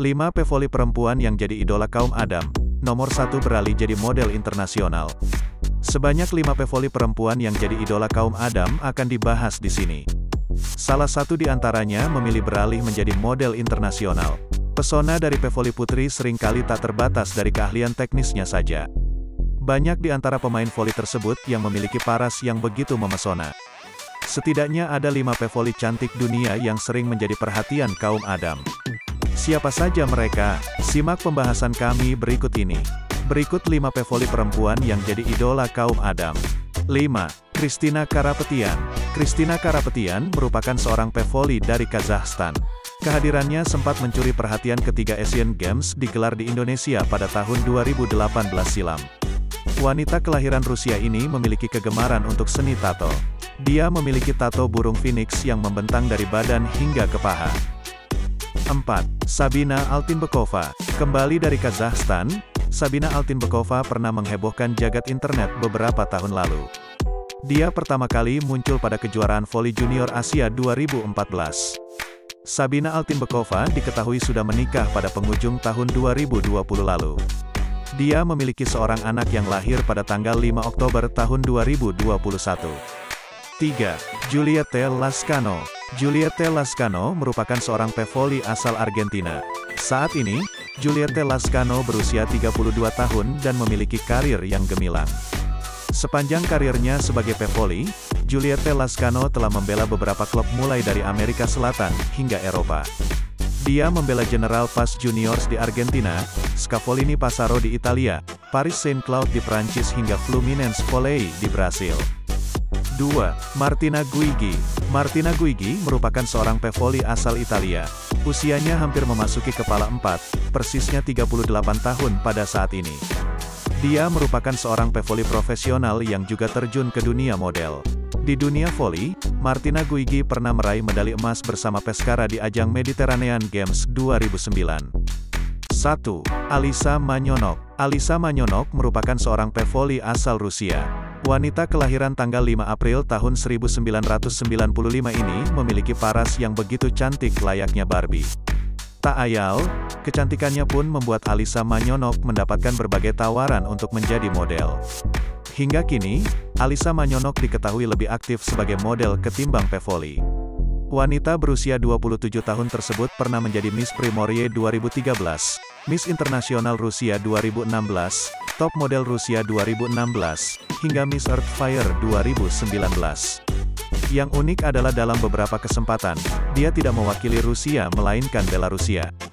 5 pevoli perempuan yang jadi idola kaum Adam, nomor 1 beralih jadi model internasional. Sebanyak 5 pevoli perempuan yang jadi idola kaum Adam akan dibahas di sini. Salah satu di antaranya memilih beralih menjadi model internasional. Pesona dari pevoli putri seringkali tak terbatas dari keahlian teknisnya saja. Banyak di antara pemain voli tersebut yang memiliki paras yang begitu memesona. Setidaknya ada lima pevoli cantik dunia yang sering menjadi perhatian kaum Adam. Siapa saja mereka? Simak pembahasan kami berikut ini. Berikut 5 pevoli perempuan yang jadi idola kaum Adam. 5. Kristina Karapetian Kristina Karapetian merupakan seorang pevoli dari Kazakhstan. Kehadirannya sempat mencuri perhatian ketiga Asian Games digelar di Indonesia pada tahun 2018 silam. Wanita kelahiran Rusia ini memiliki kegemaran untuk seni tato. Dia memiliki tato burung phoenix yang membentang dari badan hingga ke paha. 4. Sabina Altinbekova. Kembali dari Kazakhstan, Sabina Altinbekova pernah menghebohkan jagat internet beberapa tahun lalu. Dia pertama kali muncul pada kejuaraan voli junior Asia 2014. Sabina Altinbekova diketahui sudah menikah pada penghujung tahun 2020 lalu. Dia memiliki seorang anak yang lahir pada tanggal 5 Oktober tahun 2021. 3. Juliette Lascano Juliette Lascano merupakan seorang pevoli asal Argentina. Saat ini, Juliette Lascano berusia 32 tahun dan memiliki karir yang gemilang. Sepanjang karirnya sebagai pevoli, Juliette Lascano telah membela beberapa klub mulai dari Amerika Selatan hingga Eropa. Dia membela General Paz Juniors di Argentina, Scavolini Passaro di Italia, Paris Saint-Cloud di Prancis hingga Fluminense Volley di Brasil. 2. Martina Guigi Martina Guigi merupakan seorang pevoli asal Italia. Usianya hampir memasuki kepala 4, persisnya 38 tahun pada saat ini. Dia merupakan seorang pevoli profesional yang juga terjun ke dunia model. Di dunia voli, Martina Guigi pernah meraih medali emas bersama Pescara di ajang Mediterranean Games 2009. 1. Alisa Manyonok Alisa Manyonok merupakan seorang pevoli asal Rusia. Wanita kelahiran tanggal 5 April tahun 1995 ini memiliki paras yang begitu cantik layaknya Barbie. Tak ayal, kecantikannya pun membuat Alisa Manyonok mendapatkan berbagai tawaran untuk menjadi model. Hingga kini, Alisa Manyonok diketahui lebih aktif sebagai model ketimbang Pevoli. Wanita berusia 27 tahun tersebut pernah menjadi Miss Primorye 2013, Miss Internasional Rusia 2016, Top Model Rusia 2016, hingga Miss Earth Fire 2019. Yang unik adalah dalam beberapa kesempatan, dia tidak mewakili Rusia melainkan Belarusia.